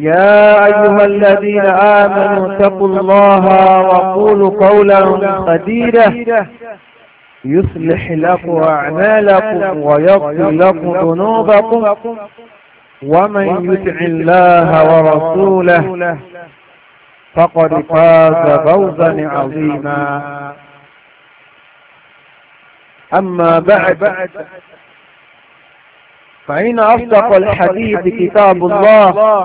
يا أيها الذين آمنوا اتقوا الله وقولوا قولا قديرا يصلح لكم أعمالكم ويغفر لكم ذنوبكم ومن يطع الله ورسوله فقد فاز فوزا عظيما أما بعد فإن أصدق الحديث كتاب الله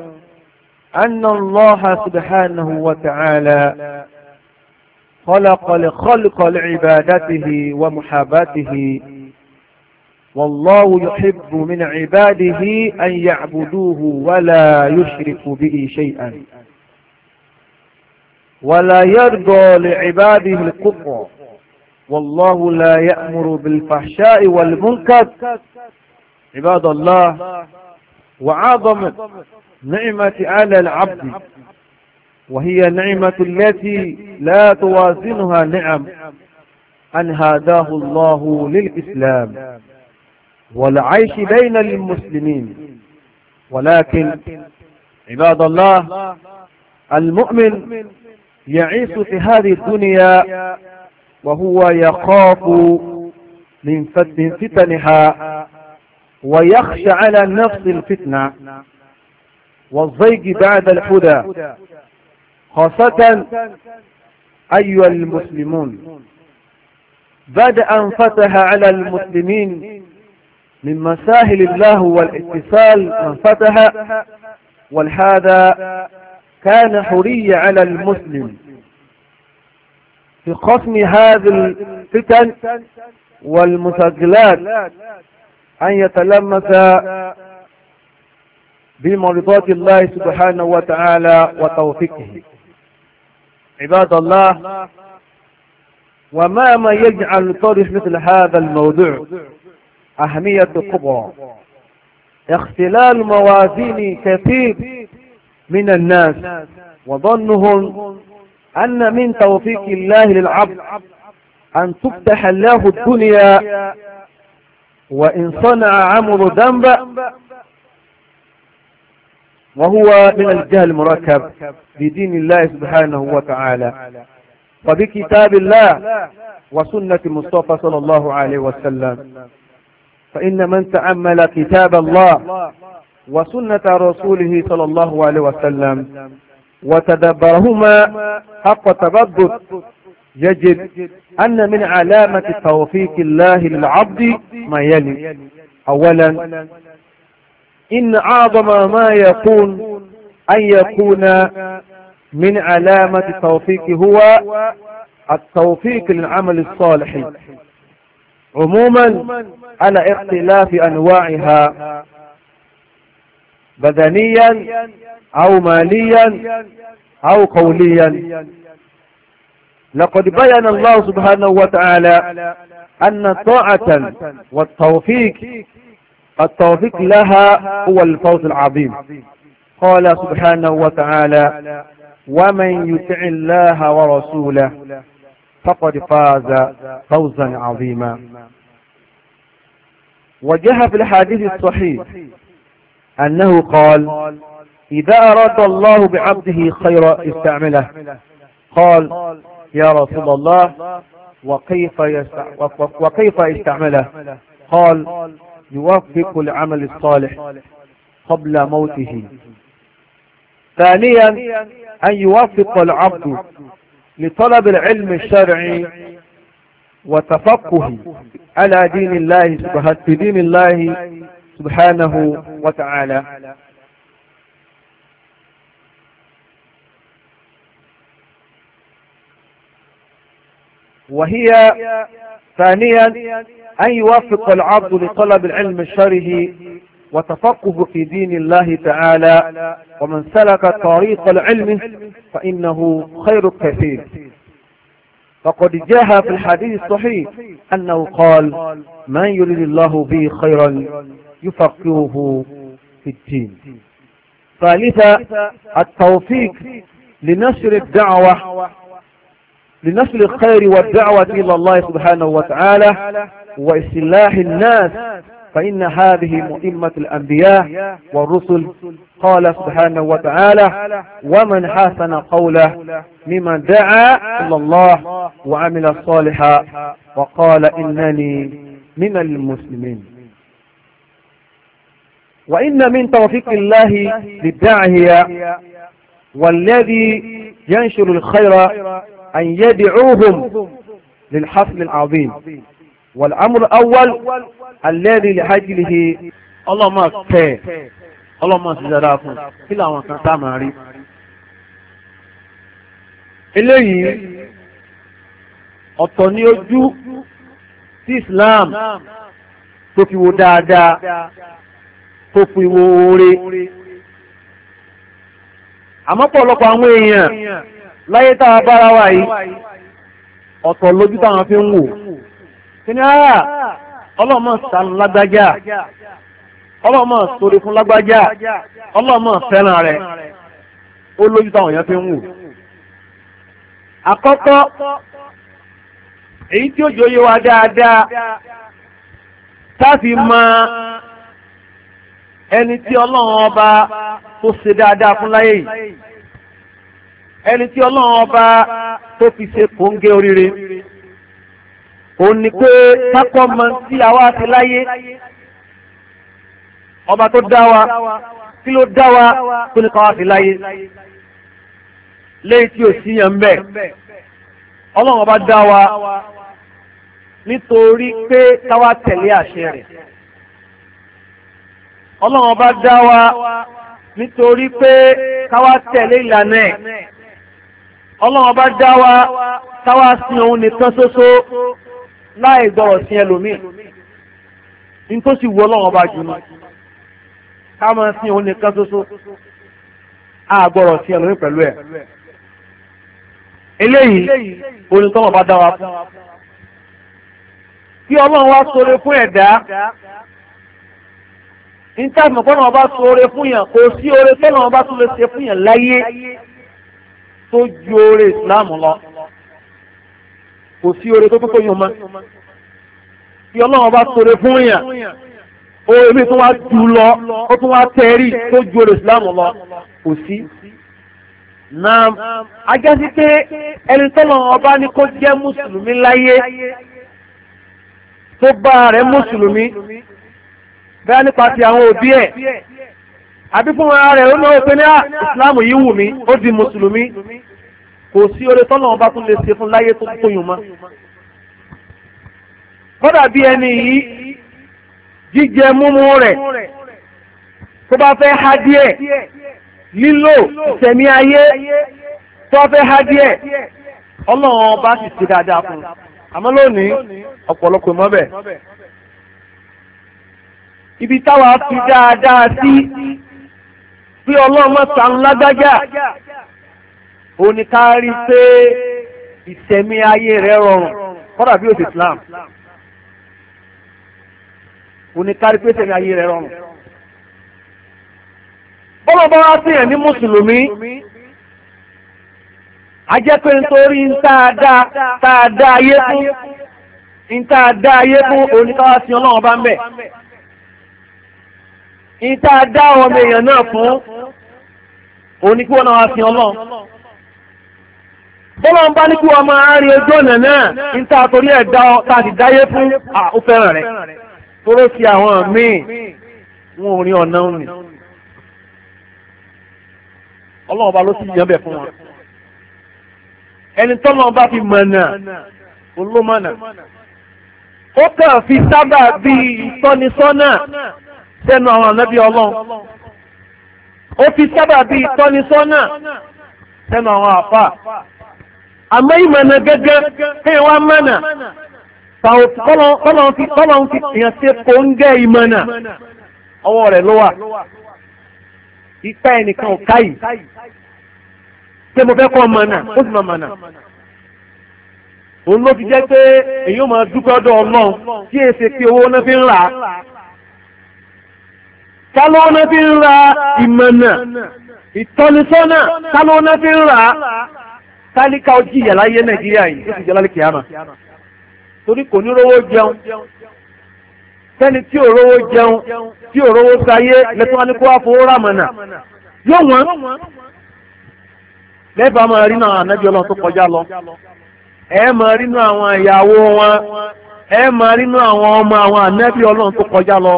أن الله سبحانه وتعالى خلق لخلق لعبادته ومحاباته والله يحب من عباده أن يعبدوه ولا يشرك به شيئا ولا يرضى لعباده الكفر والله لا يأمر بالفحشاء والمنكر عباد الله وعظم نعمة على العبد وهي نعمة التي لا توازنها نعم أن هداه الله للإسلام والعيش بين المسلمين ولكن عباد الله المؤمن يعيش في هذه الدنيا وهو يخاف من فتنها ويخشى على نفس الفتنة والضيق بعد الحدى خاصة أيها المسلمون بعد أن فتح على المسلمين من مساهل الله والاتصال من فتح ولهذا كان حرية على المسلم في قسم هذه الفتن والمثقلات أن يتلمس بمرضات الله سبحانه وتعالى وتوفيقه عباد الله وما ما يجعل لطرح مثل هذا الموضوع أهمية كبرى اختلال موازين كثير من الناس وظنهم أن من توفيق الله للعبد أن تفتح له الدنيا وإن صنع عمرو ذنبا وهو من الجهل المركب بدين الله سبحانه وتعالى وبكتاب الله وسنة المصطفى صلى الله عليه وسلم فإن من تأمل كتاب الله وسنة رسوله صلى الله عليه وسلم وتدبرهما حق تبدد يجد أن من علامة توفيق الله للعبد ما يلي أولا إن أعظم ما يكون أن يكون من علامة التوفيق هو التوفيق للعمل الصالح عموما على اختلاف أنواعها بدنيا أو ماليا أو قوليا لقد بيّن الله سبحانه وتعالى أن طاعة والتوفيق التوفيق لها هو الفوز العظيم قال سبحانه وتعالى ومن يطع الله ورسوله فقد فاز فوزا عظيما وجه في الحديث الصحيح أنه قال إذا أراد الله بعبده خيرا استعمله قال يا رسول الله وكيف وكيف استعمله قال يوفق العمل الصالح قبل موته ثانيا أن يوفق العبد لطلب العلم الشرعي وتفقه على دين الله سبحانه, دين الله سبحانه وتعالى وهي ثانيا أن يوافق العبد لطلب العلم الشره وتفقه في دين الله تعالى ومن سلك طريق العلم فإنه خير كثير فقد جاء في الحديث الصحيح أنه قال من يريد الله به خيرا يفقهه في الدين ثالثا التوفيق لنشر الدعوة لنشر الخير والدعوة إلى الله سبحانه وتعالى وإصلاح الناس فإن هذه مهمة الأنبياء والرسل قال سبحانه وتعالى ومن حسن قوله ممن دعا إلى الله وعمل صالحا وقال إنني من المسلمين وإن من توفيق الله للداعية والذي ينشر الخير أن يدعوهم للحفل العظيم والأمر الأول الذي لأجله الله ما كان الله ما سيزراكم إلا وكان تاماري إليه ọ̀tọ̀ ní ojú tí Islam tó fi wo dáadáa tó fi láyé tá a bára wa yìí ọ̀tọ̀ lójú táwọn fi ń wò kí ni ara ọlọ́mọ sànù lágbájá ọlọ́mọ sórí fún lágbájá ọlọ́mọ fẹ́ràn rẹ̀ ó lójú táwọn èèyàn fi ń wò. àkọ́kọ́ èyí tí ó jòyè wa dáadáa táàfin máa ẹni tí ọlọ́run ọba tó ṣe dáadáa fún láyé yìí ẹni tí ọlọ́run ọba tó fi ṣe kòńgé oríire òun ni pé kákọ́ mọ tí àwa ti láyé ọba tó dá wa kí ló dá wa tó ní káwa ti láyé léyìí tí ò sí yẹn bẹ́ẹ̀ ọlọ́run ọba dá wa nítorí pé káwa tẹ̀lé àṣẹ rẹ̀ ọlọ́run ọba dá wa nítorí pé káwa tẹ̀lé ìlànà ẹ̀ ọlọ́run bá dá wa táwa sin òun nìkan ṣoṣo láì gbọ́rọ̀ sí ẹlòmíì ní tó sì wù ọlọ́run bá jù ní ká máa sin òun nìkan ṣoṣo á gbọ́rọ̀ sí ẹlòmíì pẹ̀lú ẹ̀ eléyìí orin tọ́wọ́ bá dá wa fún kí ọlọ́run wá sọre fún ẹ̀dá ní táàmù kọ́nà ọba sọre fún yàn kò sí oore tọ́nà ọba tó ṣe fún yàn láyé tó ju oore islam lọ kò sí oore tó tó kóyún mọ́ kí ọlọ́run bá sọ̀rọ̀ fún yàn oore mi tó wá jù lọ ó tún wá tẹ̀rí tó ju oore islam lọ kò sí. na ajásí pé ẹni tọ́lọ́run ọba ní kó jẹ́ mùsùlùmí láyé tó bá rẹ̀ mùsùlùmí bẹ́ẹ̀ nípa ti àwọn òbí ẹ̀. àbí fún ara rẹ̀ ó náà pé ní ìsìláàmù ah, yìí wù mí ó di mùsùlùmí kò sí oore tọ́lọ̀ ọba tún lè ṣe fún láyé tó kóyùn mọ́ kódà bí ẹni yìí jíjẹ múmú rẹ̀ tó bá fẹ́ díẹ̀ lílò ayé tó fẹ́ díẹ̀ ọba sì ṣe dáadáa fún un àmọ́ lónìí ọ̀pọ̀lọpọ̀ mọ́bẹ̀ ibi táwa fi dáadáa sí. bí ọlọ́mọ sàn lágbájá ó ní ká rí pé ìsẹ̀mí ayé rẹ̀ rọrùn kọ́dà bí òsì Islam ó ní ká rí pé ìsẹ̀mí ayé rẹ̀ rọrùn. bọ́lọ́bọ́ wá sí ẹ̀ ní mùsùlùmí ajẹ́ pé nítorí ń táadáa táadáa ayé fún ń táadáa ayé fún oníkáwá sí ọlọ́run bá ń bẹ̀ ìta dá ọmọ èèyàn náà fún òun ni kí wọ́n náà wá fi ọlọ́run bọ́lá ń bá ní kí wọ́n máa rí ojú ọ̀nà náà níta torí ẹ̀ dá ọ tá a sì dáyé fún ó fẹ́ràn rẹ̀ tóró sí àwọn míì wọn ò rí ọ̀nà òní ọlọ́run ọba ló sì yàn bẹ̀ fún wọn ẹni tọ́lọ́run bá fi mọ̀nà olómọ̀nà ó kàn fi sábà bíi ìtọ́nisọ́nà sẹ́nu àwọn ànábì ọlọ́run ó fi sábàbí ìtọ́nisọ́nà sẹ́nu àwọn àfà àmọ́ ìmọ̀nà gẹ́gẹ́ kéèyàn wá mọ̀nà kọ́lọ́n fi èèyàn ṣe kò ìmọ̀nà ọwọ́ rẹ̀ ló wà ipa ẹnìkan ò káyì ṣé mo fẹ́ kọ́ mọ̀nà ó sì máa mọ̀nà òun ló fi jẹ́ pé èyí ó máa dúpẹ́ ọdọ̀ ọlọ́run kí èsì owó náà fi ń rà á. talo onafinira imana itoli sona talo onafinira ta likawa ojii yalaye na nigeria yi o si yalarike ara to ni koni rowo jeun teni ti o rowo jeun ti o rowo saye letu alikowa-fowora mana yon won leba ma orinu anabiola to kojalo e ma orinu awon iyawo won ẹ máa rí inú àwọn ọmọ àwọn ànábì ọlọ́run tó kọjá lọ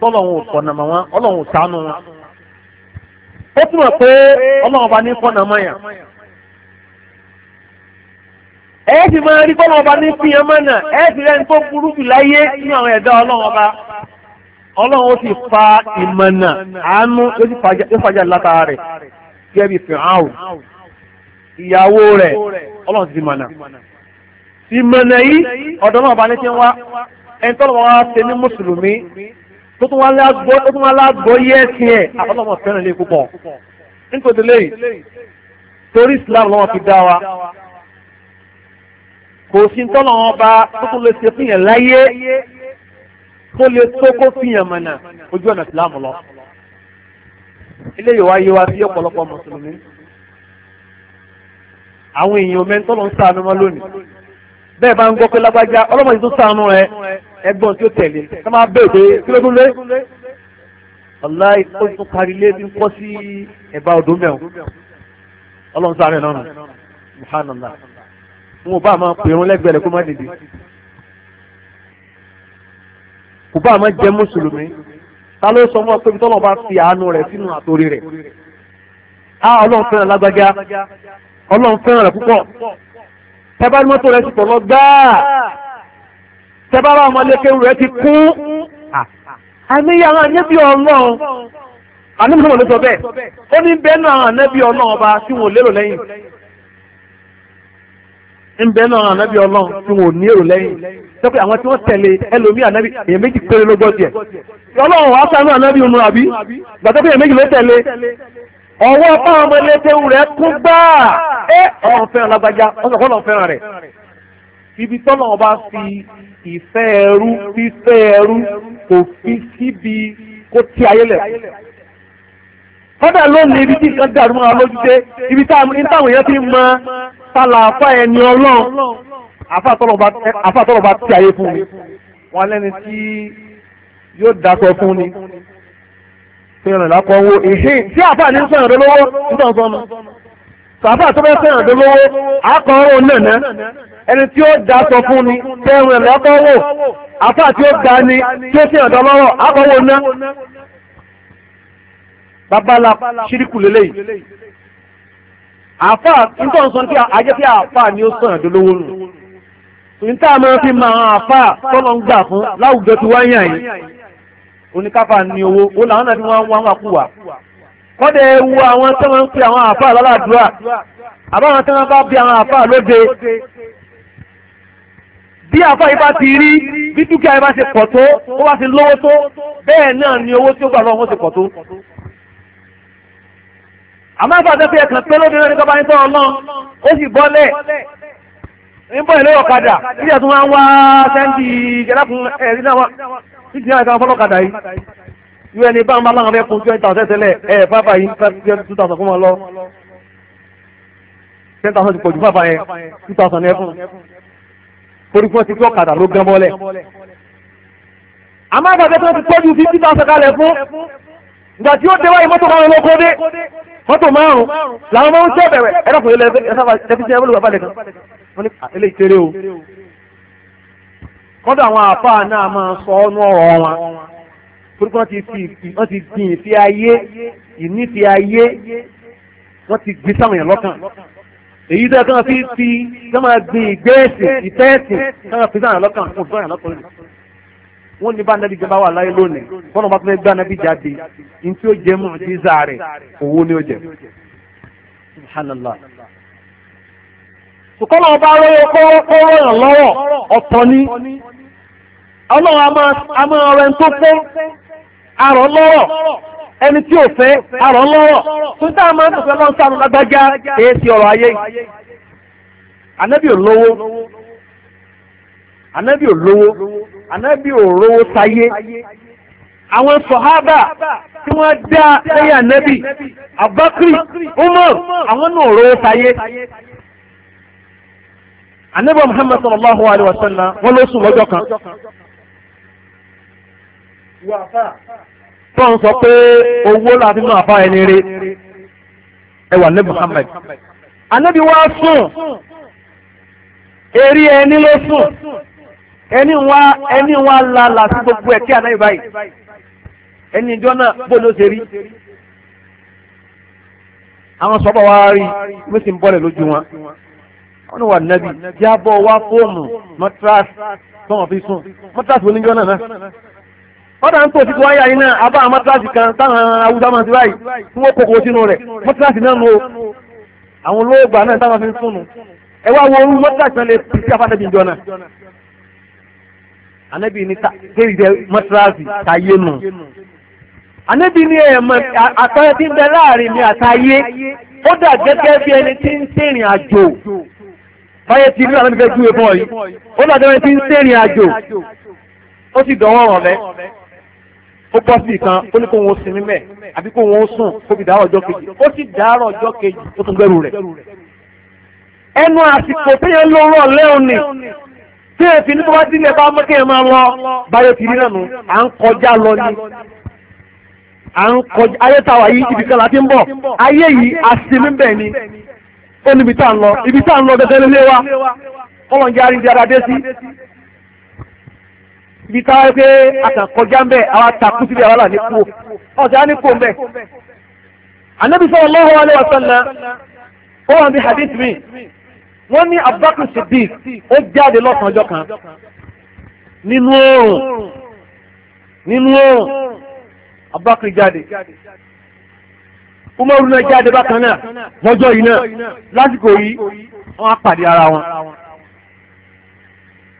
tọ́lọ́run ò fọ̀nàmọ́ wọn ọlọ́run ò sànú wọn. ó túmọ̀ pé ọlọ́run bá ní fọ̀nàmọ́ yàn. ẹ sì máa rí bọ́lọ́run bá ní fi ẹmọ́ náà ẹ sì rẹ́ni tó burú jù láyé nínú àwọn ẹ̀dá ọlọ́run ọba. ọlọ́run ó sì fa ìmọ̀nà àánú yóò fàjà látara rẹ̀ ìmọ̀nà yìí ọ̀dọ̀ náà balẹ̀ ti ń wá ẹni tọ́lọ̀ wọn wá ṣe ní mùsùlùmí tó tún wá lágbọ́ yẹ́ ẹ̀sìn ẹ̀ àtọ́lọ́mọ̀ fẹ́ràn lé púpọ̀ nítorí lẹ́yìn torí Islam lọ́wọ́ fi dá wa kò sí tọ́lọ̀ wọn bá tó tún lè ṣe fìyàn láyé tó lè tó kó fìyàn mọ̀nà ojú ọ̀nà Islam lọ ilé yìí yé wa sí ọ̀pọ̀lọpọ̀ mùsùlùmí àwọn èèyàn mẹ́ńtọ́lọ́ ń sàánú bẹ́ẹ̀ bá ń gbọ́ pé lágbájá ọlọ́mọ yìí tó sànú ẹ ẹgbọ́n tí ó tẹ̀lé ká máa bẹ̀ pé kí ló dúnlé ọ̀la ó tún parí lé bí ń kọ́ sí ẹ̀bá odò mẹ́wọ̀n ọlọ́run sáré náà muhanallah wọn ò bá máa pè wọn lẹ́gbẹ̀ẹ́ rẹ̀ kó má dìde kò bá máa jẹ́ mùsùlùmí ta ló sọ wọn pé bí tọ́lọ́ bá fi àánú rẹ̀ sínú àtòrí rẹ̀ á ọlọ́run fẹ́ràn lágbájá ọlọ́run fẹ́ràn rẹ̀ púpọ̀ tẹ́bá ní mọ́tò rẹ̀ ti pọ̀ lọ gbáà tẹ́bá bá ọmọlékéwù rẹ̀ ti kún àníyàn àwọn àníbí ọlọ́run àníbùsọ̀mọ̀ ló sọ bẹ́ẹ̀ ó ní bẹ́ẹ̀nù àwọn àníbí ọlọ́run ọba tí wọn ò lérò lẹ́yìn ń bẹ́ẹ̀nù àwọn àníbí ọlọ́run tí wọn ò ní èrò lẹ́yìn sọ pé àwọn tí wọ́n tẹ̀lé ẹlòmí ànábì èèyàn méjì péré ló gbọ́ tiẹ̀ ọlọ́run wàá sánú ànábì òun àbí gbàtọ́ pé èèyàn méjì ló tẹ̀lé ọwọ́ apá ọmọ ilé tẹ́wù rẹ̀ kún gbáà ẹ ọlọ́run fẹ́ràn lágbájá ọsàn kọ́ ọlọ́run fẹ́ràn rẹ̀ ibi tọ́lọ̀ ọba fi ìfẹ́ ẹrú fífẹ́ ẹrú kò fi síbi kó tí ayé lẹ̀ kọ́dà lónìí ibi tí nǹkan dàrú máa lójú dé ibi táwọn èèyàn ti mọ tàlàfà ẹni ọlọ́run àfàtọ́lọ̀ ọba tí ayé fún mi wọn lẹ́ni tí yóò dákọ̀ fún ni fẹ́ràn lápọ̀wó ìhìn tí àfà ní sẹ́yàn lólówó nítorí sọmọ sàfà tó bẹ́ sẹ́yàn lólówó akọ̀ọ́rọ̀ nànà ẹni tí ó da sọ fún ni fẹ́ràn lápọ̀wó àfà tí ó da ni tí ó sẹ́yàn dọ́lọ́rọ̀ akọ̀wó ná babala ṣíríkù lélẹ́yìn àfà nítorí sọ ní kí ajẹ́ kí àfà ni ó sẹ́yàn lólówó nù níta máa fi máa àfà tọ́lọ́ ń gbà fún láwùjọ ti wáyà yìí oníkáfà ní owó ó làwọn náà fi wọ́n wá wọn kú wa kọ́dẹ̀ ewu àwọn tí wọ́n ń pè àwọn àfáà lọ́làdúrà àbáwọn tí wọ́n bá bí àwọn àfáà lóde bí àfáà yìí bá ti rí bí dúkìá yìí bá ṣe pọ̀ tó ó bá ṣe lówó tó bẹ́ẹ̀ náà ni owó tí ó gbà lọ́wọ́ wọn ṣe pọ̀ tó àmọ́ àgbà tó fi ẹ̀kàn pé lóde náà ní kọ́ba ní tọ́ ọlọ́run ó sì bọ́lẹ̀ ń bọ̀ ìlú ọ̀kadà kí títí náà ìtàn fọlọ́kadà yìí irú ẹni bá ń bá láwọn fẹ́ kó twenty thousand tẹ́lẹ̀ ẹ̀ fáfà yìí two thousand fún wọn lọ ten thousand ti pọ̀jù fáfà yẹn two thousand ẹ̀ fún torí fún ọ ti fi ọ̀kadà ló gán mọ́lẹ̀ àmọ́ àgbàdo tó ti tọ́jú fifty thousand kalẹ̀ fún ìgbà tí ó dé wáyé mọ́tò márùn-ún ló kó dé mọ́tò márùn-ún làwọn máa ń tẹ́ bẹ̀rẹ̀ ẹ̀rọ kò yẹ lẹ́fíṣẹ́ ẹ̀fọ́ kọ́dọ̀ àwọn àfáà náà máa sọ ọ́nú ọ̀rọ̀ wọn torípé wọ́n ti fi wọ́n ti gbìn ìfi ayé ìnífi ayé wọ́n ti gbé sáwọn yẹn lọ́kàn èyí tó kàn fi fi kí wọ́n gbin ìgbésìn ìtẹ́sìn kí wọ́n fi sáwọn lọ́kàn fún ìfọ̀yàn lọ́kàn lónìí wọ́n ní bá nàbí jẹ́ bá wà láyé lónìí kọ́nà bá tún fẹ́ gbá nàbí jáde ní tí ó jẹ́ mọ̀ sí zaa rẹ̀ owó ni ó jẹ́ subhanallah kọ́nà ọba rẹ̀ kọ́ ràn lọ́wọ́ ọ̀tọ̀ ni ọlọ́run a máa ọrẹ tó fẹ́ àrọ̀ lọ́rọ̀ ẹni tí ò fẹ́ àrọ̀ lọ́rọ̀ tó dáa máa ń tọ̀fẹ́ lọ́n sánú lágbájá èé ti ọ̀rọ̀ ayé ànábì ò lówó ànábì àwọn sọ̀hábà tí wọ́n dá lẹ́yìn ànábì Abubakar Umar àwọn náà rówó Muhammad sallallahu tó ń sọ pé owó láti mú àfa ẹni rí ẹwà ní Muhammad anábì wá sùn eré ẹni ló sùn ẹni wá ẹni wá lálà sí gbogbo ẹ̀ kí anábì báyìí ẹni ìjọ náà bó ló ṣe rí àwọn sọ́bọ̀ wá rí ló sì ń bọ́lẹ̀ lójú wọn wọ́n ní wà nábì jábọ̀ wá fóònù mọ́tíráàsì tó wọ́n fi sùn mọ́tíráàsì oníjọ́ náà náà. ọ̀dà ń tó sí wáyà yìí náà abá mọ́tíláàsì kan táwọn awúsá máa ti ráyì tí wọ́n kókò sínú rẹ̀ mọ́tíláàsì náà nù o àwọn olóògbà náà táwọn fi ń fún nu ẹ wá wo orú mọ́tíláàsì náà lè fi sí afáàdébí ìjọ náà anabi ni kéèrè jẹ mọ́tíláàsì táyé nù ni ẹ̀mọ̀ àtọ́yẹ tí ń bẹ láàrin mi àtayé ó dà gẹ́gẹ́ bí ẹni tí ń sìnrìn àjò báyẹ̀ tí nígbà lọ́nà ó dà gẹ́gẹ́ bí ẹni ó bọ́ sí ìkan ó ní kó wọn ó sinmi mẹ́ àbí kó wọn ó sùn kó fi dàárọ̀ ọjọ́ kejì ó sì dàárọ̀ ọjọ́ kejì ó tún gbẹ́rù rẹ̀. ẹnu àsìkò téèyàn ló rọ̀ lẹ́hùn ni tí èfi ní tó bá sílẹ̀ bá mọ́ kéèyàn máa lọ báyọ̀ ti rí nànú à ń kọjá lọ ni à ń kọjá ayé táwa yìí ibì kan láti ń bọ̀ ayé yìí àsinmi bẹ̀ ni ó níbi tá à ń lọ ibi tá à ń lọ gẹ́gẹ́ lé wa kọ́lọ̀ ń jẹ́ àrídìí ara dé sí ibi táwọn pé àtàkọjá ń bẹ àwọn àtàkù síbi àwọn àlà ní kú ọ̀sẹ̀ á ní kú ń bẹ. Ànábì sallallahu alaihi wasallam ó wà ní hadith mi wọ́n ní Abubakar Siddiq ó jáde lọ́sàn-án ọjọ́ kan nínú oòrùn nínú oòrùn Abubakar jáde Umaru náà jáde bákan náà lọ́jọ́ yìí náà lásìkò yìí wọ́n á pàdé ara wọn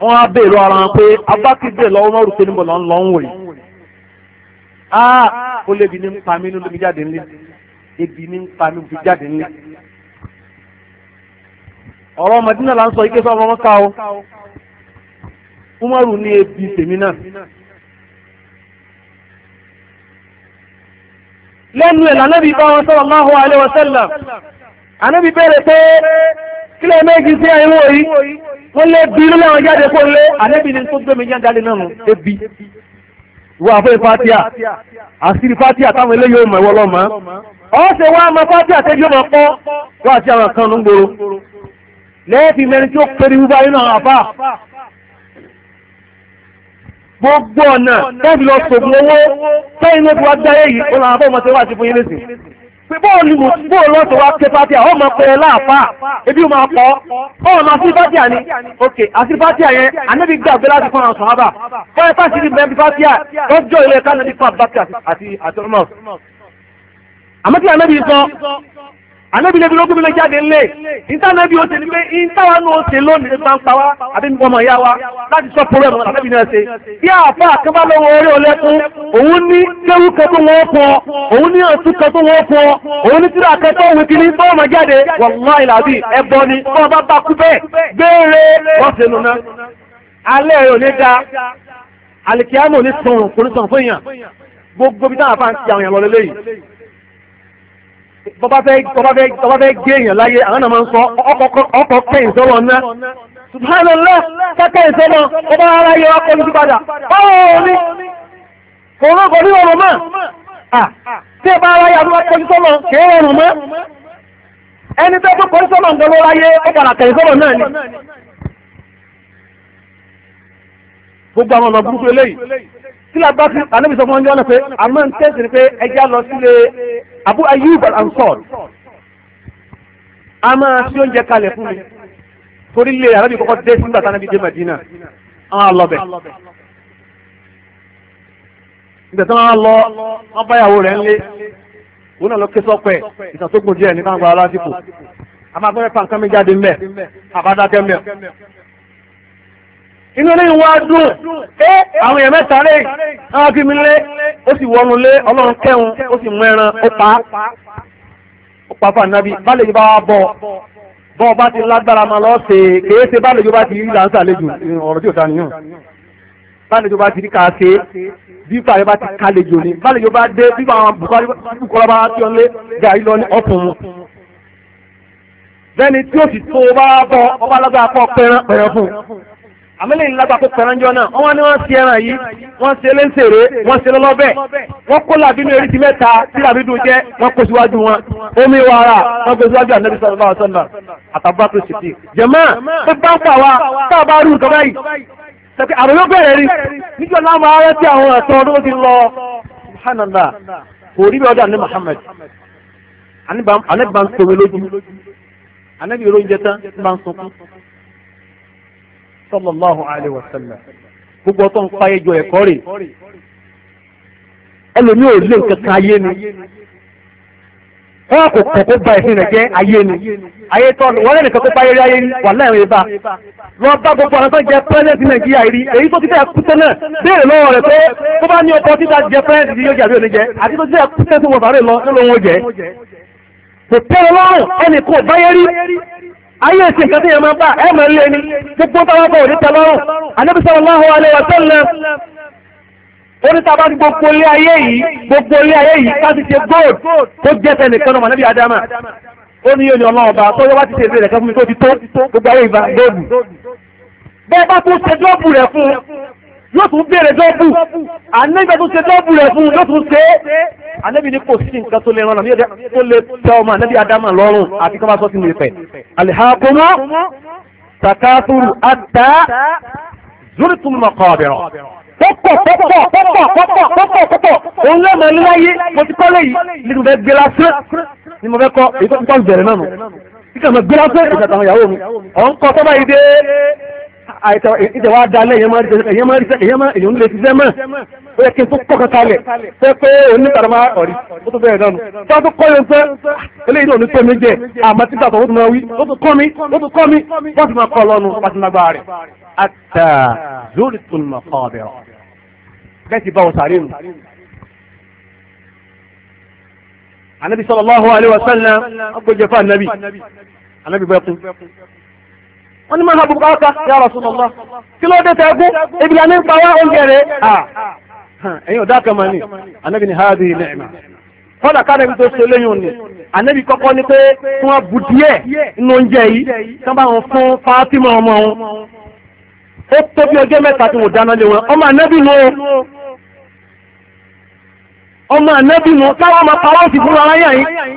wọ́n á bèèrè ara wọn pé abákídé lọ́wọ́ náà rúpe níbo lọ́n lọ́n wòye á ó lébi ní pa mí níbi jáde ńlẹ̀ ebi ní pa mí níbi jáde ńlẹ̀ ọ̀rọ̀ Madina là ń sọ ike sọ́ọ́ ọmọ ká o Umaru ní ebi tèmi náà lẹ́nu ẹ̀ lànàbí bá wọn sallallahu alaihi wasallam ànàbí bẹ̀rẹ̀ pé kí lẹ́ méjì sí ẹ̀wọ̀ yìí wọ́n lé bí ló láwọn jáde kó lé àdébì ni tó gbẹ̀mí yẹn jáde náà ebi wọ àfẹ́ fatia àṣírí fatia táwọn eléyìí ò mọ̀ ẹ̀wọ̀ lọ́mọ ọ́ ṣe wá ọmọ fatia tẹ́jú ọmọ pọ́ wọ́n àti àwọn kan ló ń gbòòrò lẹ́ẹ̀fì mẹ́rin tí ó pèrè wúbá nínú àwọn àbá gbogbo ọ̀nà tẹ́ẹ̀fì lọ sògùn owó tẹ́yìn ló fi wá gbáyé yìí ó làwọn afọ́ ọmọ tẹ́wọ́ àti fún yín lẹ́sìn pé bọ́ọ̀ ni mo bọ́ọ̀ lọ́ tó wá ké pátíà ó máa pẹ̀lẹ́ láàfà ebi ó máa pọ̀ bọ́ọ̀ máa sí pátíà ni ok àti pátíà yẹn anábì gbàgbé láti fún àwọn sọ̀hábà fọ́ẹ̀ fásitì ti bẹ́ẹ̀ bí pátíà lọ́jọ́ ilé kánábì fún àbákẹ́ àti àti ọmọ. àmọ́ tí anábì sọ ànábì lẹ́bi lógún mi lọ jáde ńlẹ̀ níta ànábì ó pé ìtawà ní lónìí ní pàǹpà wa àbí nípa ọmọ ìyá wa láti sọ pọ̀lọ́ ẹ̀mọ́ àbẹ́bí náà ṣe. bí àfa àkàbà lọ́wọ́ orí ọlẹ́kùn òun ní kéwú kan tó pọ̀ òun ní ọ̀tún kan tó pọ̀ òun ní tíra kan tó wù ní bọ́ọ̀mọ jáde wàláhì làbí ẹ̀bọ ni bọ́ọ̀ bá bá kú bẹ́ẹ̀ gbére wọ́n ṣe nù alẹ́ rẹ̀ ò ní da alikiamu ní sọ̀rùn kò ní sọ̀rùn fún èèyàn gbogbo bí táwọn afáǹsì àwọn èèyàn lọ bọ́bá fẹ́ gé èèyàn láyé àwọn náà máa ń sọ ọkọ̀ kẹ́yìn sọ́wọ́ ná subhanallah kẹ́kẹ́yìn sọ́wọ́ ọba ara yẹ ọkọ̀ ní padà báwo ni kò rán kò ní ọ̀rọ̀ mọ́ tí ẹ bá ara yẹ ọdún ọkọ̀ ní sọ́wọ́ kì í rọrùn mọ́ ẹni tó kọ́ ní sọ́wọ́ ń gbọ́ lọ́wọ́ ayé ó padà kẹ́yìn sọ́wọ́ náà ni gbogbo àwọn ọ̀nà burúkú eléyìí kí lágbá fi ànábìsọ̀ fún ọjọ́ náà pé àmọ́ ń tẹ̀sí ni pé ẹjá lọ sílé Abu Ayyub al-Ansari a máa ṣí oúnjẹ kalẹ̀ fún mi torí lè arábì kọ́kọ́ dé sí gbàtà níbi dé Madina àwọn àlọ́bẹ̀ ìgbà tí wọ́n lọ wọ́n báyàwó rẹ̀ ńlé òun náà lọ ké sọ́pẹ́ ìsàtógùn díẹ̀ ní káńgbà alásìkò àmọ́ afẹ́fẹ́ pa nǹkan mi jáde ńbẹ̀ àbádákẹ́ ńbẹ̀ inú ilé ìwà dùn ẹ́ àwọn èèyàn mẹ́ta lé àwọn bí mi lé ó sì wọnú lé ọlọ́run kẹ́hùn ó sì mú ẹran ó pa ó pa fún ànábì bálẹ̀ yìí bá wá bọ̀ bọ́ bá ti lágbára máa lọ ṣe kèé ṣe bálẹ̀ yìí bá ti rí làǹṣà lẹ́jù ọ̀rọ̀ tí ò ta nìyàn bálẹ̀ yìí bá ti rí kà á ṣe bí fàyè bá ti kalẹ̀ jò ní bálẹ̀ yìí bá dé bí àwọn bukari bukọ́lá bá ti ọ̀lẹ́ gàrí lọ ní ọ̀tún mu lẹ́ni tí ó sì tó bá bọ́ ọba àmìlẹ̀ ńlágbà kó pẹ̀ránjọ́ náà wọ́n wá ní wọ́n ṣe ẹran yìí wọ́n ṣe léṣèré wọ́n ṣe lọ́lọ́bẹ̀ wọ́n kó làbínú eré ti mẹ́ta tí làbídùn jẹ́ wọ́n kó síwájú wọn omi wàrà wọ́n kó síwájú ànábi sọ̀rọ̀ báwọn sọ̀nà àtàbàtò ṣìṣì jẹ̀mọ́ pé báńkà wa tá a bá rú nǹkan báyìí sẹ́kẹ́ àrùn yóò bẹ̀rẹ̀ rí níjọ́ náà máa rẹ́ tí àwọn ẹ̀sán ọdún ti lọ subhanallah kò rí bí ọdún àní Muhammad àníbà ń sọmi lójú àníbà ìròyìn jẹ tán ń bá ń sunkún sallallahu alayhi wa sallam gbogbo ọtọ́ ń pa ẹjọ́ ẹ̀kọ́ rẹ̀ ẹlòmí ò lé nǹkan kan ayé ni wọn kò kọ̀ kó ba ẹ̀sìn rẹ̀ jẹ́ ayé ni ayé tọ́ wọn lẹ́nu kan kó bá eré ayé rí wà láìwé bá lọ bá gbogbo àwọn tó jẹ pẹ́lẹ́ntì nàìjíríà rí èyí tó ti fẹ́ kú tẹ́lẹ̀ béèrè lọ́wọ́ rẹ̀ pé tó bá ní ọkọ̀ títa jẹ pẹ́lẹ́ntì tí yóò jẹ àbí òní àti tó ti fẹ́ kú tẹ́lẹ̀ tó wọ̀ sáré lọ nílò wọn jẹ kò tẹ́lẹ̀ lọ́rùn ẹnì kan báyé rí ayé èsì nǹkan tí yẹn máa bá ẹ̀ máa lé ní gbogbo táwọn bọ̀ òní tẹlọ́rùn Ànábì sallallahu alaihi oníta bá ní gbogbo ilé ayé yìí gbogbo ilé ayé yìí ká ti ṣe gold tó náà mọ̀lẹ́bí ó ní yóò ní ọlọ́run ọba tó ti ṣe kan fún mi tó ti tó gbogbo ayé ìbá bẹ́ẹ̀ bá tún ṣe rẹ̀ fún yóò tún bèèrè dọ́bù ànígbà tó ṣe dọ́bù rẹ̀ fún yóò tún ṣe ànábì ní kò sí nǹkan tó lè rán àmì tó lè tẹ ọmọ ànábì adama lọ́rùn àti kọ́ bá sọ́ sínú ìfẹ́ alihakumọ́ takaturu ata zuritum maqabira pọ́pọ̀ pọ́pọ̀ pọ́pọ̀ pọ́pọ̀ pọ́pọ̀ pọ́pọ̀ òun lè mọ̀ níláyé mo ti kọ́ léyìí ní mo fẹ́ gbé lásán ni mo fẹ́ kọ́ èyí tó ń kọ́ bẹ̀rẹ̀ náà nù kíkà mo gbé lásán ìṣàtàwọn ìyàwó mi ọ̀ ń kọ́ sọ́bà yìí dé ìtẹ̀ wá dalẹ̀ èèyàn máa rí sẹ́sẹ̀ èèyàn máa rí sẹ́sẹ̀ èèyàn máa èèyàn lè ti sẹ́mọ̀ ó yẹ kí n tó kọ́ kan kalẹ̀ fẹ́ pé oníbàrámà ọ̀rí ó tó bẹ̀rẹ̀ dànù tó tó kọ́ yẹn pé eléyìí náà ní pé mi jẹ àmọ́ tí bàtọ̀ ó tó máa wí ó tó kọ́ mi ó tó wọ́n ní máa ha ya Rasulullah kí ló dé tẹ́gún ibi ní pa wá oúnjẹ rẹ̀ à ẹ̀yin kan máa ní anábì ní háàdì ni'ma kọ́dà ká anábì tó ṣe lẹ́yìn ni anábì kọ́kọ́ ni pé kí wọ́n díẹ̀ nínú oúnjẹ yìí kí wọ́n bá wọn fún Fatima ọmọ wọn ó tó ọjọ́ mẹ́ta tí wọ́n dáná lé wọn ọmọ anábì ọmọ anábì káwọn máa pa fún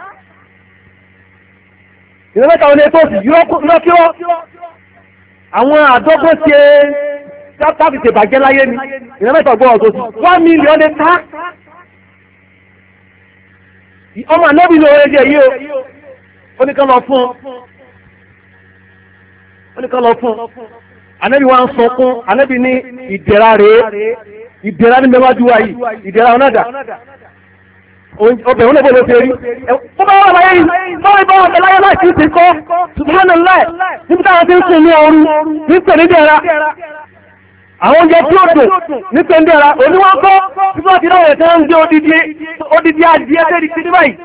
ìrẹ́mẹ́ta wọn ni tó sì yúrọ́kírọ́ àwọn àdọ́gbọ́n ṣe tábì ṣe bàjẹ́ láyé ni ìrẹ́mẹ́ta ọgbọ́n ọ̀tọ̀ sí one million ní ká ọmọ ànábì ló rẹ̀ jẹ́ yìí o ó ní ká lọ fún ó ní ká lọ fún ànábì wa ń sọkún ànábì ní ìdẹ̀ra rèé ìdẹ̀ra ní mẹ́wájú wa yìí ìdẹ̀ra ọ̀nàdà ọbẹ̀ wọn lọ́bọ̀ ló fẹ́ rí ó bá wà láyé yìí báwọn ìbá wọn láyé láti ti kọ́ subhanallah níbi táwọn ti ń sùn ní ooru ní pẹ̀lẹ́dẹ̀ra àwọn oúnjẹ tí ó dùn ní pẹ̀lẹ́dẹ̀ra oníwọ́n kọ́ tí wọ́n ti náà rẹ̀ tí wọ́n ń gbé odidi adìẹ tẹ́lẹ̀ ti ní báyìí.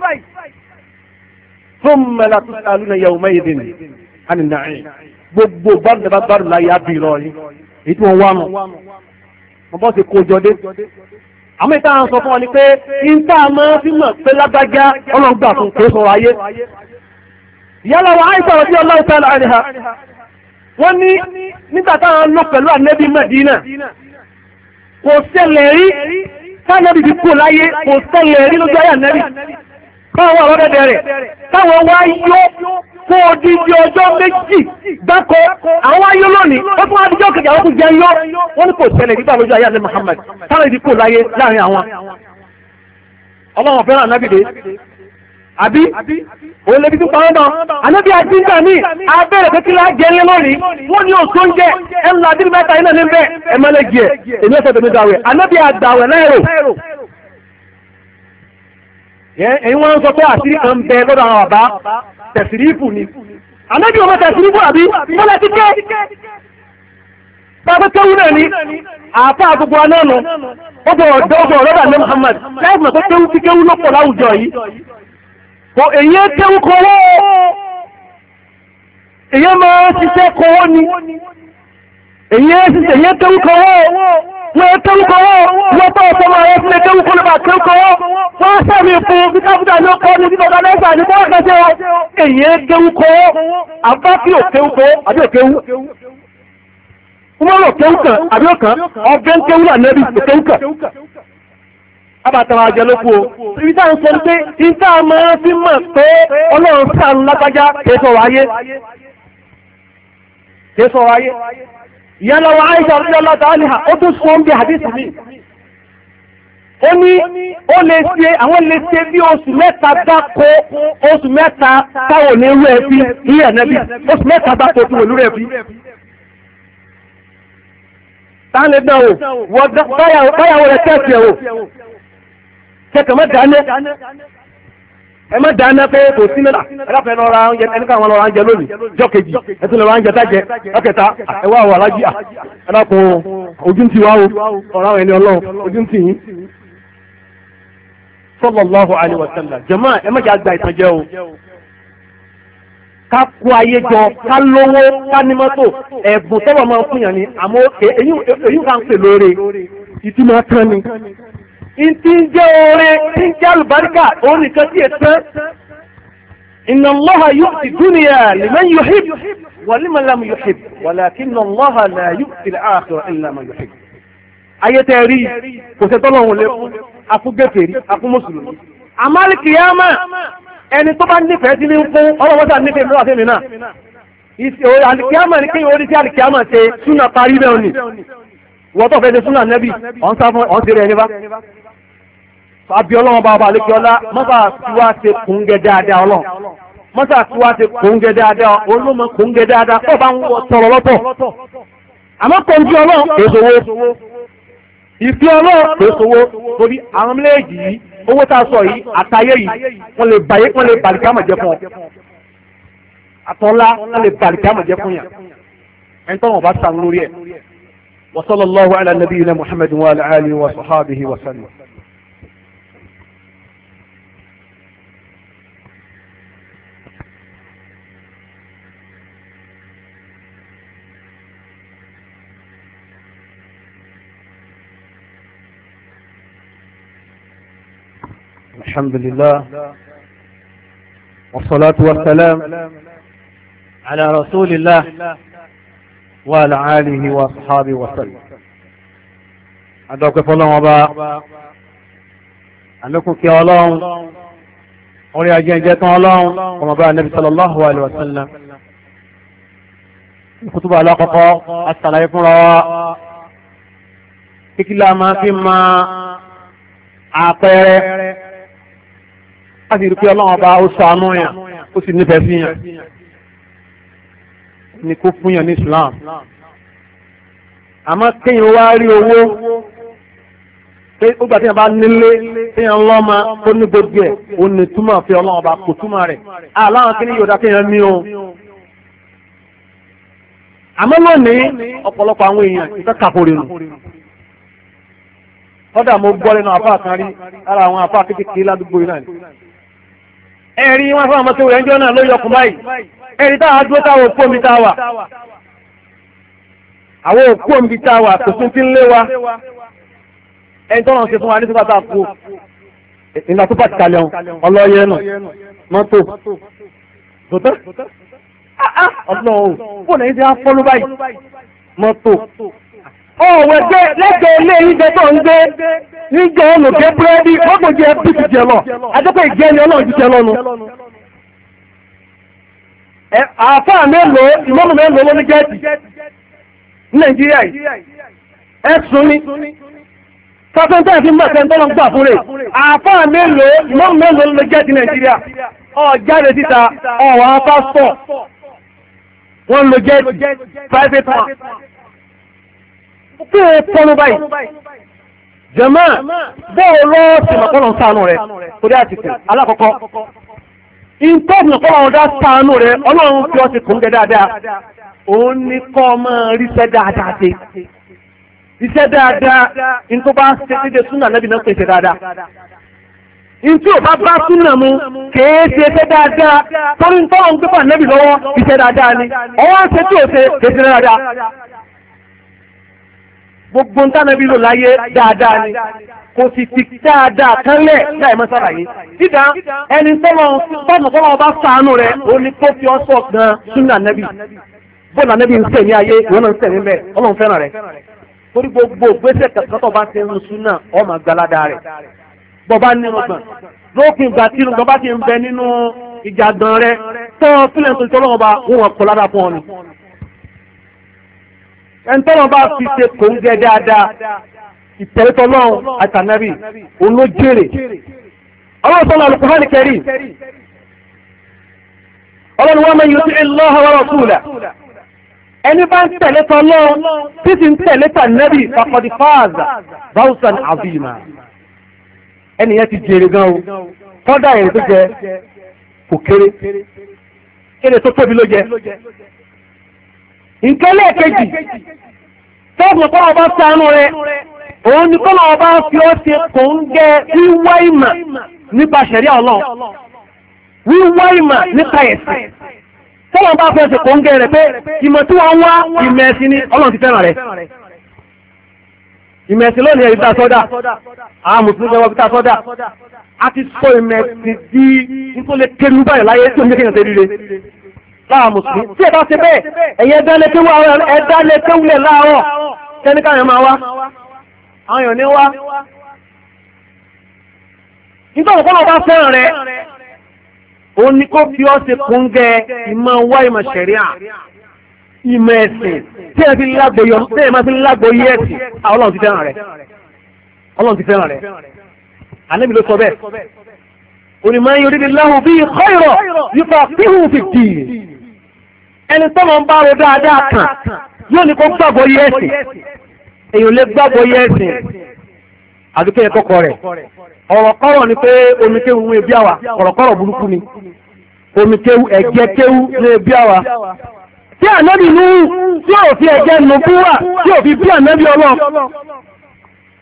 ثم لا تسألون يومئذ عن النعيم gbogbo gbàgbà bàrù láyé àbí ìrọ̀lẹ́ èyí tí wọ́n wá mọ̀ àmì ìta àwọn sọ fún ọ ni pé ìta máa fi mọ̀ pé lágbájá ọlọ́gbà fún kò sọ̀rọ̀ ayé yálà wa àìsà ọ̀dí ọlọ́run tààlà àríhà wọ́n ní nígbà táwọn lọ pẹ̀lú ànẹ́bí Mẹ̀dínà kò ṣẹlẹ̀ rí tánẹ́bí ti kú láyé kò ṣẹlẹ̀ rí lójú ayé ànẹ́bí káwọn wà lọ́dẹ̀dẹ̀ rẹ̀ káwọn wá yó fún odidi ọjọ́ méjì gbáko àwọn ayé lónìí ó tún wá díjọ́ kẹ̀kẹ́ àwọn kò jẹ́ yọ wọ́n ní kò tẹ́lẹ̀ nígbà lójú ayé àti Muhammad táwọn ìdíkò láyé láàrin àwọn ọlọ́wọ̀n fẹ́ràn nábìdé àbí òun lè fi tún pàrọ̀ náà ànábì àjíǹdà ní abẹ́rẹ́ pé kí lá jẹrin lónìí wọ́n ní òṣó ń jẹ ẹnu adínmẹ́ta iná ní bẹ́ẹ̀ ẹ má lè jẹ èmi ọ̀sẹ̀ tèmi dàwẹ̀ ànábì àdàwẹ̀ náírò ẹ̀yin wọ́n ń sọ pé àṣírí kan bẹ lọ́dọ̀ àwọn bàbá tẹ̀sírífù ni àlejò ọmọ tẹ̀sírífù àbí wọ́n lẹ ti ké bàbá tẹ́wú náà ni àáfà gbogbo aná nù ó bọ̀ ọ̀dọ́ ọgbọ̀ ọ̀rọ̀ àlẹ́ Muhammad láì mọ̀ tó tẹ́wú tí kéwú lọ́pọ̀ láwùjọ yìí kò èyí tẹ́wú kọwọ́ èyí máa ń ṣiṣẹ́ kọwọ́ ni èyí tẹ́wú kọwọ́ wọ́n kéwú kọ́wọ́ wọ́n tọ́ ọ̀sọ́mọ rẹ̀ sílẹ̀ kéwú kó ló bá kéwú kọ́wọ́ wọ́n sẹ́mi fún fíkàfíkà ló kọ́ ní bí bọ́dá lẹ́sà ní bọ́ọ̀ kẹsẹ̀ wọn èyí kéwú kọ́wọ́ àbá kí ò kéwú kọ́ àbí ò kéwú wọ́n rò kéwú kan àbí ò kan ọbẹ̀ ń kéwú lànàbí ò kéwú kan abàtàwà àjẹlókù o ibi táà ń sọ pé ìta máa fi mọ̀ pé ọlọ́run sáà yálà wa Aisha radiyallahu ta'ala ó tún sọ bí mi ó ní ó lè ṣe àwọn lè ṣe bí oṣù mẹ́ta dákó oṣù mẹ́ta táwọn onírú ẹbí ní ẹ̀nẹ́bí oṣù mẹ́ta dákó tí onírú ẹbí táàlẹ̀ o báyàwó rẹ̀ tẹ́ẹ̀tì o mọ́ dáná ẹ má dáná pé kò sí mẹ́ta ẹ̀dáfẹ́ lọ ra oúnjẹ ẹni káwọn lọ ra oúnjẹ lónìí jọ kejì ẹ tún oúnjẹ tájẹ ẹkẹta ẹwà àwọn alájí à ẹdákun ojú ti wá o ọ̀rọ̀ àwọn ẹni ọlọ́run ojú ti yín. ẹ má jẹ́ àgbà o ká kó ayé jọ ká lówó ká ní mọ́tò ẹ̀bùn tọ́wọ́ máa fún yàn àmọ́ èyí pè lóore ni. ìtí ń jẹ́ oore tí ń jẹ́ àlùbáríkà òun nìkan tí ètò inna Allaha yu'ti dunya liman yuhib wa liman lam yuhib walakinna Allaha la yu'ti al-akhirata illa man yuhib. ayé tẹ rí kò sẹ́tọ́ lọ́hùn lé fún afúgẹ́fẹ̀rí afúmùsùlùmí. àmàlìkìyàmà ẹni tó bá nífẹ̀ẹ́ sí ní fún ọlọ́wọ́sà nífẹ̀ẹ́ mìíràn fẹ́mi náà. àlìkìyàmà ni kéèyàn orí sí àlìkìyàmà ṣe súnà parí bẹ́ẹ̀ ni wọ́n tó fẹ́ ṣe súnà nẹ́bì ọ̀n sá fún ọ̀n ṣeré ẹni bá. àbí ọlọ́run bá ọba àlékí ọlá tí wàá ṣe kùngẹ́ dáadáa ọlọ́run mọ́tà tí wàá ṣe kùngẹ́ dáadáa olómọ kùngẹ́ dáadáa tó bá ń tọrọ lọ́tọ̀ àmọ́ kò ń di ọlọ́run kò sówó ọlọ́run kò torí àwọn méjèèjì yìí owó tá a sọ yìí àtayé yìí wọ́n lè bàyé wọ́n lè bàlìkámọ̀ fún ọ àtọ́lá wọ́n lè bàlìkámọ̀ fún yàn ẹni wọn bá sàrún lórí ẹ̀. وصلى الله على نبينا محمد وعلى آله وصحابه وسلم الحمد لله والصلاة والسلام على رسول الله وعلى آله وأصحابه وسلم أدعوك فالله وبا أنكم كي الله أولي أجين جاتنا الله وما بقى النبي صلى الله عليه وسلم الخطبة على قطاع السلام رواء كلا ما فيما أعطيه أثير كي الله وبا أسانويا أسنفسيا ni kó fún yàn ní Islam àmọ́ kéèyàn wá rí owó ó gbà téèyàn bá nílé téèyàn lọ́mọ ó ní gbogbo ẹ̀ ó ní túmọ̀ fi ọlọ́run ọba kò túmọ̀ rẹ̀ aláwọn kìíní yóò dá téèyàn ní o àmọ́ lónìí ọ̀pọ̀lọpọ̀ àwọn èèyàn ìfẹ́kàfòrè nù kọ́dà mo gbọ́ lẹ́nu àfáà kan rí ara àwọn àfáà kékeré ládùúgbò yìí náà ẹ̀rí wọn fún àwọn ọmọ tó rẹ̀ ń jẹ́ náà lórí ọkùnrin báyìí ẹ̀rí táwa dúró táwa òkú omi táwa àwọn òkú omi táwa kò tún ti ń lé wa ẹni tọ́nà ń ṣe fún wa ní sípà tá a kú ìgbà tó bá ti kalẹ̀ ọ̀hún ọlọ́yẹ náà mọ́tò dòtẹ́ ah, ah, ọlọ́run fóònù ẹ̀yìn ti á fọ́ ló báyìí mọ́tò gbé lẹ́gbẹ̀ẹ́ ilé tó ń gbé ti jẹ lọ adẹ́pẹ́ ni ọlọ́run ti jẹ lọ́nu. àfáà mélòó ìmọ́mù mélòó ló ní gẹ́ẹ̀tì ní nàìjíríà yìí ẹ̀sùn ni sọ́tẹ́ntẹ́ fi mọ̀ sẹ́ńtọ́ lọ ń gbà fún rẹ̀ àfáà mélòó ìmọ́mù mélòó ló ní gẹ́ẹ̀tì nàìjíríà ọ̀jáde títa ọ̀wà pásítọ̀ wọ́n lo gẹ́ẹ̀tì private one kí o pọnu báyìí jẹ̀mọ́ bọ́ọ̀ lọ́ọ̀sì mọ̀kọ́lọ̀ ń sànú rẹ̀ kó dé ìtọ́bù fọ́lọ́run dá sàánú rẹ̀ ọlọ́run fi ọ́ ti dáadáa òun ní kọ́ ọmọ ríṣẹ́ dáadáa ṣe iṣẹ́ dáadáa bá ṣe súnà lẹ́bi náà pèsè dáadáa bá bá súnà mu kèé ṣe iṣẹ́ dáadáa torí ni ọwọ́ ṣe tí ṣe gbogbo ń tánà bí lò láyé dáadáa ni kò sì fi dáadáa kánlẹ̀ láì máa ṣàlàyé dídá ẹni tọ́nà tọ́nà ọba sàánú rẹ̀ ó ní kó fi ọ́sọ̀ gan súnà nẹ́bì bọ́ọ̀lù anẹ́bì ń sẹ̀ ní ayé ìwọ́n náà ń sẹ̀ níbẹ̀ ọlọ́run fẹ́ràn rẹ̀ torí gbogbo gbèsè kankan tó bá ti ń súnà ọmọ gbalada rẹ̀ bọ́ba nínú gbọ̀n lópin ìgbà tí ìrùngbọ̀n bá ti ń bẹ nínú ìjàgbọ̀n rẹ̀ tọ́ fílẹ̀ tó ń tọ́lọ́wọ́ bá wọn kọ́ lára fún ọ ni. ẹni tọ́lọ́ bá fi ṣe kò ń gẹ dáadáa ìtẹ̀lẹ́tọ̀ náà àtànábì olójèrè ọlọ́sọ̀lá alukóhán kẹrì ọlọ́run wọn máa yọtí ìlọ́hà wa rasúlà ẹni bá ń tẹ̀lẹ́tọ̀ náà tí sì ń tẹ̀lẹ́tọ̀ ànábì fáàzà báwùsàn àbímà ẹni ti jèrè gan o kọ́dà èrè tó jẹ kò kéré èrè tó tóbi ló jẹ. nǹkan lẹ́ẹ̀kejì tọ́gbọ̀n kọ́ ọba sánú rẹ̀ òun ni kọ́lọ̀ ọba fi ó ṣe kò ń gẹ wíwá ìmà nípa ṣẹ̀ríà ọlọ́run wíwá ìmà nípa ẹ̀sìn tọ́lọ̀ bá fẹ́ ṣe kò ń gẹ rẹ̀ pé ìmọ̀ tí wọ́n wá ìmọ̀ ni ọlọ́run ti fẹ́ràn rẹ̀ ìmọ̀ ẹ̀sìn lónìí ẹ̀rí tá sọ́dá àwọn mùsùlùmí ẹwọ́ tá sọ́dá a ti sọ ìmọ̀ ẹ̀sìn di nítorí kẹnu báyìí láyé tí láà mùsùlùmí tí ẹ bá ti bẹ́ẹ̀ ẹ̀yẹ ẹ̀dálẹ̀ kéwulẹ̀ láàárọ̀ tẹ́níkà yẹn máa wá àwọn èèyàn ní wá nígbà wọn kọ́nà bá fẹ́ràn rẹ̀ ó ní kó fi ọ́ ṣe kóńgẹ́ ìmọ̀ wá ìmọ̀ ṣẹ̀ríà ìmọ̀ ẹ̀sìn tí ẹ fi lágbóyọ tí ẹ máa fi lágbóyé ẹ̀sìn ọlọ́run ti fẹ́ràn rẹ̀ ọlọ́run ti fẹ́ràn rẹ̀ ànábì ló sọ bẹ́ẹ̀ onímọ̀ yóò dídí bíi khayra yóò fà fíhùn fìdí. ẹni tọ́lọ̀ ń bá ro dáadáa kàn yóò ní kó gbàgbọ́ yé ẹ̀sìn èyàn lè gbàgbọ́ yé ẹ̀sìn àdúgbò yẹn kọ́kọ́ rẹ̀ ọ̀rọ̀ kọ́rọ̀ ni pé omi kéwu ní ebi àwa ọ̀rọ̀ burúkú ni omi kéwu ẹ̀jẹ̀ kéwu ń ebi tí ànábì tí ò fi ẹ̀jẹ̀ nù bú wà tí ò fi bí ànábì ọlọ́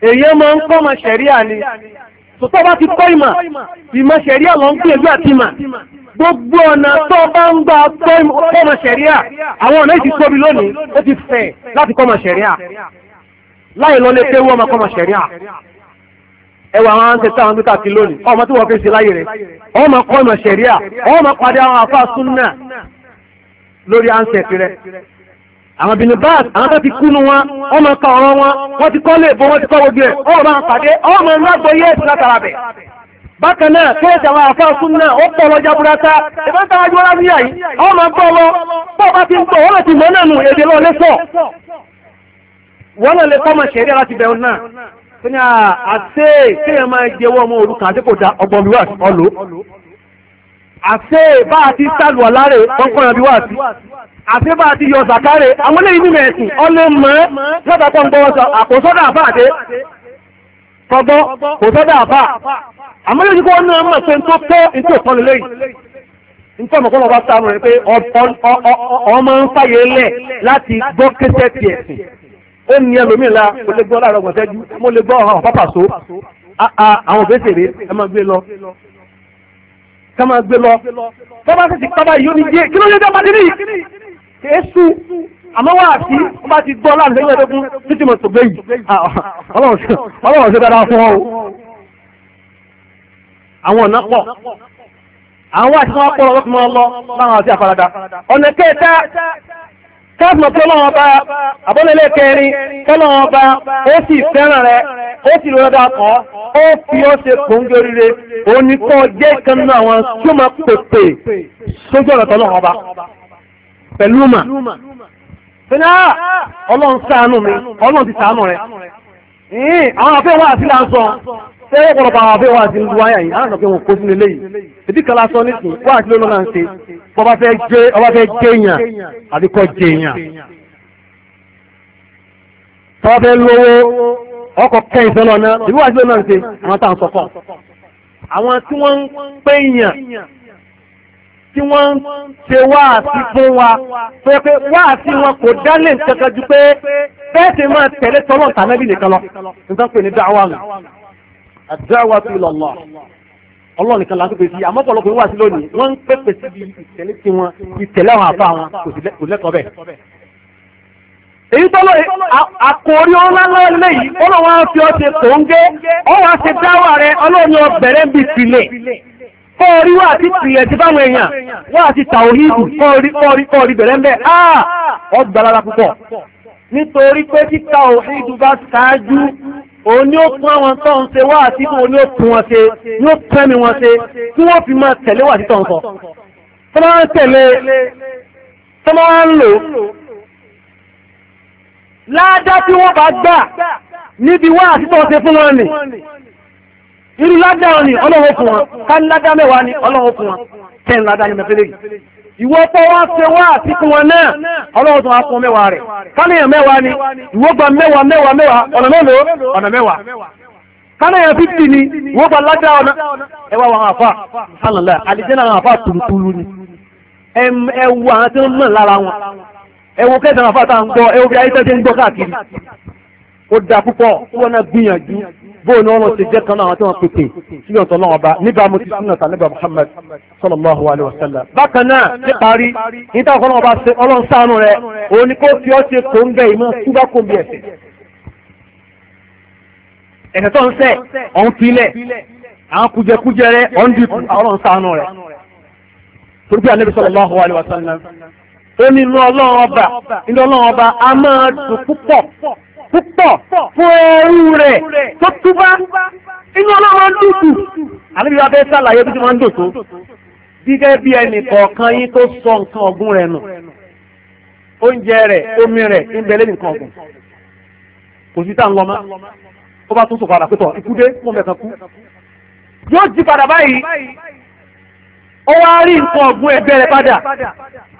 èyàn máa ń kọ́ ọmọ ṣẹ̀ríà ni tòtọ́ bá ti kọ́ ìmọ̀ ìmọ̀ ṣẹ̀ríà lọ́ ń gbìyànjú àti ìmọ̀ gbogbo ọ̀nà tó bá ń gbà kọ́mọ àwọn ọ̀nà ìtì tóbi lónìí ó ti fẹ̀ láti kọ́mọ ṣẹ̀ríà láì lọ lé pé wọ́n máa kọ́mọ ṣẹ̀ríà ẹwà àwọn àwọn tẹ̀sán àwọn ti lónìí ọmọ tí wọ́n fi ṣe láyé rẹ̀ wọ́n máa kọ́mọ ṣẹ̀ríà wọ́n máa padà àwọn àfa súnà lórí àwọn bìnnì àwọn tó bákan náà tó ẹ̀sẹ̀ àwọn àfáà sún jaburata ẹ̀fẹ́ tá a ọ ní àyí àwọn máa gbọ́ lọ bá ti ń gbọ́ wọ́n ti mọ́ náà nù èdè lọ lẹ́sọ̀ wọ́n lè ṣẹ̀rí láti náà tó da ọgbọ̀n wà àṣẹ bá a ti sálù ọ̀láre kọ́kọ́rọ̀ mi wà sí bá a ti yọ àwọn tọ́gbọ́ kò tọ́dọ̀ àfà àmọ́lẹ́ yìí kó wọn náà mọ̀ pé tó tọ́ ìtò ìtọ́ni lẹ́yìn nítorí ọmọ kọ́lọ́ bá sáàmù rẹ̀ pé ọmọ ń fàyè lẹ̀ láti gbọ́ kẹsẹ̀ tiẹ̀ sìn ó ní ẹlòmíì la mo lè gbọ́ láàárọ̀ gbọ̀nsẹ́jú mo lè gbọ́ ọ̀hún pápá so àwọn òbẹ́sẹ̀ rẹ̀ ẹ máa gbé lọ ká máa gbé lọ tọ́ba sì ti pápá yìí ó kí ló yẹ àmọ́ wà sí wọ́n bá ti gbọ́ láàrin lẹ́yìn ẹ̀dógún títí mọ̀ tó gbé yìí ah, ọlọ́run ṣe dáadáa fún ọ o àwọn ọ̀nà pọ̀ àwọn àti wọn pọ̀ lọ́kùnrin ọlọ́ láwọn àti àfaradà ọ̀nà kẹta káàkiri pé ọlọ́run ọba abọ́lélé kẹrin kọlọ́run ọba ó sì fẹ́ràn rẹ ó sì lọ́dọ̀ dà kọ́ ó fi ọ́ ṣe kòńgé rire oníkọ́ jẹ́ kan náà àwọn tí ó máa pèpè sójú ọ̀nà tọ́lọ́run ọba pẹ̀lú mà fẹ́lá ọlọ́run ṣàánú mi ọlọ́run ti ṣàánú rẹ̀ àwọn afẹ́ wà sí láńsọ ṣé ọ̀pọ̀lọpọ̀ àwọn afẹ́ wà sí ń lu ayà yìí àwọn ọ̀pẹ́ wọn kó sínú eléyìí ìdí kan lásán nìsín wà sí lọ́nà ń ṣe bọ́bá fẹ́ jẹ́ ọba fẹ́ jẹ́ èèyàn àdìkọ́ jẹ́ èèyàn tọ́wọ́ fẹ́ lówó ọkọ̀ kẹ́yìn fẹ́ lọ́nà ìbí sí lọ́nà ń ṣe àwọn táwọn sọ tí wọ́n ń ṣe wáàsí fún wa tó yẹ pé wáàsí wọn kò dálé nǹkankan ju pé bẹ́ẹ̀ ti máa tẹ̀lé tọ́lọ́ tànábì nìkan lọ nǹkan pè ní dáwà àdáwà ọlọ́run nìkan láti pèsè àmọ́ wà sí lónìí wọ́n ń ìtẹ̀lé tí wọn ìtẹ̀lé àwọn àbá wọn kò lẹ́tọ̀ọ́ bẹ́ẹ̀. èyí fọ́ọ̀rí wà tí pìyẹ̀ ti fáwọn èèyàn wà ti tàwíìdù fọ́ọ̀rí bẹ̀rẹ̀ mẹ́ àà ah! ọgbàlára púpọ̀ nítorí pé tí tàwíìdù bá ṣáájú òní ó tún àwọn tó ń ṣe wà tí òní ó tún wọn ṣe ní ó tẹ́mi wọn ṣe tí wọ́n fi máa tẹ̀lé wà tí tọ̀ǹsọ̀ tó máa ń tẹ̀lé tó máa ń lò ládá tí wọ́n bá gbà níbi wà tí tọ̀ǹsẹ̀ fún wọn nì irú ládá wọn ni ọlọ́wọ́ fún wọn ká ní ládá mẹ́wàá ni ọlọ́wọ́ fún wọn tẹ́ ní ni mẹ́fẹ́lẹ́ yìí ìwọ pọ́ wá ṣe wá àti fún wọn náà ọlọ́wọ́ tó wá fún mẹ́wàá rẹ̀ káníyàn mẹ́wàá ni ìwọ gba mẹ́wàá mẹ́wàá mẹ́wàá ọ̀nà mélòó ọ̀nà ni ìwọ gba ládá ọ̀nà ẹwà wọn àfà sálàlá àlìjẹ́nà àwọn àfà ni ẹwù àwọn tí mọ̀ lára wọn ẹwù kẹsàn-án àfà tá à ń gbọ́ ẹwù bí ayé bóò ni wọ́n ti jẹ́ kan náà àwọn tí wọ́n pèpè sí ọ̀tọ̀ náà ọba níbàámu ti súnà tà níbà Muhammad sallallahu alayhi wa sallam. bákan náà níparí níta ọ̀kan ọba ṣe ọlọ́run sáànù rẹ̀ òun ni kó fi ọ́ ṣe kó ń bẹ ìmọ̀ túbá kó ń bí ẹ̀sẹ̀. ẹ̀sẹ̀ tó ń sẹ̀ ọ̀hún filẹ̀ àwọn kújẹkújẹ rẹ̀ ọ̀hún di ọlọ́run sáànù rẹ̀. torí Ànábì sallallahu alayhi wa sallam ó ní inú ọlọ́run ọba inú ọlọ́run ọba a máa dùn púpọ̀ púpọ̀ fún ẹrú rẹ̀ tó túbá inú ọlọ́run dùkù àníbi wa fẹ́ sàlàyé bí ti máa ń dò tó gẹ́gẹ́ bí ẹnì kọ̀ọ̀kan yín tó sọ nǹkan ọ̀gùn rẹ̀ nù oúnjẹ rẹ̀ omi rẹ̀ ń bẹ lẹ́nu nǹkan ọ̀gùn kò sí tá à ń lọ mọ́ ó bá tún sòkòrò àpétọ̀ ikúdé fún mẹ́kan kú yóò jí padà báyìí ó wá rí nǹkan ọ̀gbun ẹgbẹ́ rẹ̀ padà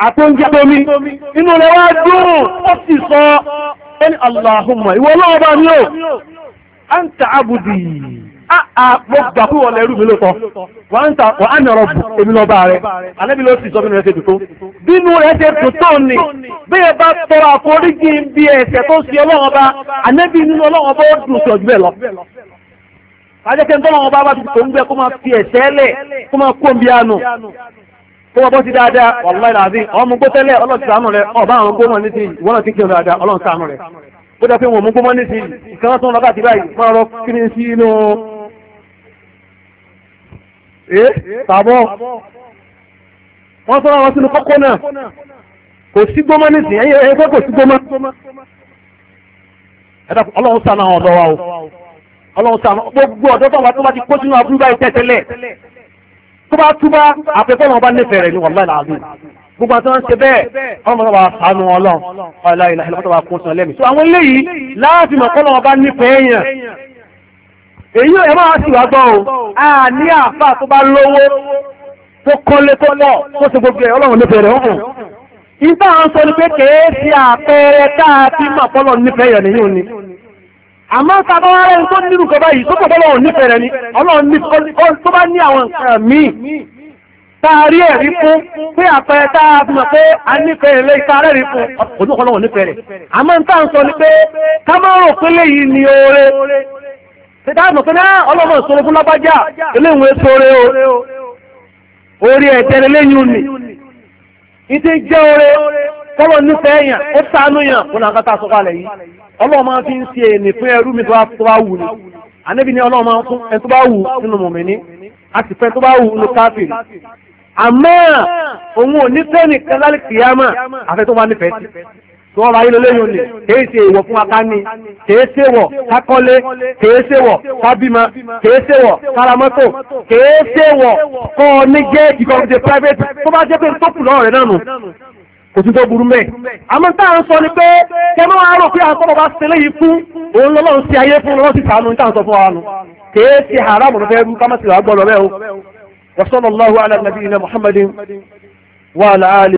àti tómi inú rẹ̀ wá dùn ó sì sọ ẹni aláhùnmọ̀ ìwọ ọlọ́wọ́ bá mi ò ń ta àbùdì mo gbà pé wọ́n lẹ́rú mi ló sọ wọ́n á nọ̀rọ̀ bù èmi lọ rẹ̀ alẹ́bí ló sì sọ rẹ̀ tó bínú rẹ̀ ṣe tó ni bí ẹ tọrọ àforíjì bí ẹ̀ṣẹ̀ tó ṣe ọlọ́wọ́ bá nínú ó dùn lọ ajẹ́kẹ́ ń tó wọ́n bọ́ sí dáadáa wàlúwà ìlàzí ọmọ gbó tẹ́lẹ̀ ọlọ́run rẹ̀ ọba àwọn gbọ́mọ ní ti ìwọ́n ti kírun dáadáa ọlọ́run rẹ̀ ó dẹ́ pé wọn mú gbọ́mọ ní ti ìkan tó ń lọ́gà tí báyìí máa rọ kiri ní sí gbọ́mọ tó bá túbá àpẹẹkọ́ wọn bá nífẹ̀ẹ́ rẹ̀ ní wàláì làálù gbogbo àti wọn ṣe bẹ́ẹ̀ ọmọ tó bá sànù ọlọ́run ọlá ìlà ìlà tó bá kó sàn lẹ́mí so àwọn eléyìí láàfin mọ̀ kọ́lọ́ wọn bá nífẹ̀ẹ́ yẹn èyí ẹ máa sì wá gbọ́ o a ní àáfà tó bá lówó tó kọ́lé tó lọ tó ṣe gbogbo ẹ̀ ọlọ́run nífẹ̀ẹ́ rẹ̀ ọ̀hún ìgbà àwọn sọ ni pé kèé sí àpẹẹrẹ káàkiri mọ̀ kọ́lọ́ nífẹ̀ẹ́ yẹn nìyí àmọ́ tàbí tó nínú kọba yìí tó kọ̀bọ́ lọ́wọ́ nífẹ̀ẹ́ ni ọlọ́run ní tó bá ní àwọn nǹkan míì ẹ̀rí fún pé àpẹẹrẹ táà pé a rí fún òdúkọ̀ lọ́wọ́ àmọ́ n táà ń sọ ni pé kámọ́rò yìí ni oore pé náà ìṣòro fún o orí ẹ̀jẹ̀ lẹ́yìn òní jẹ́ oore kọ́lọ̀ nífẹ̀ẹ́ èèyàn ó sànú yàn kó náà kátà sọ kalẹ̀ yìí ọlọ́run fi ń ṣe èèyàn fún ẹrú mi tó bá wù ni ànábì ni ọlọ́run máa fún ẹni tó bá wù nínú mọ̀mìnì àti fẹ́ tó bá wù nínú káfíìn àmọ́ òun ò nífẹ̀ẹ́ nìkan lálẹ́ kìyàmà àfẹ́ tó bá nífẹ̀ẹ́ sí tí wọ́n ráyé lóléyìn ni kèé ṣe èèwọ̀ fún akáni kèé ṣe wọ̀ kákọ́lé kèé ṣe wọ̀ kábímọ kèé ṣe wọ̀ káramọ́tò kèé ṣe wọ̀ kọ́ ọ ní jẹ́ ìkọ̀ọ̀dé private tó bá jẹ́ pé tó kù lọ́rẹ̀ náà nù kò sí tó burú mẹ́. àmọ́ tá à ń sọ ni pé kẹ́mọ́ wa rò pé àtọ́nà bá ṣẹlẹ̀ yìí fún òun lọ́lọ́ ń ṣe ayé fún lọ́wọ́ sí sànú ní tá fún wa nù. kèé ti haramu ló fẹ́ ká má sì wá gbọ́dọ̀ bẹ́ẹ̀ o. wa sallallahu ala nabiyina muhammadin wa ala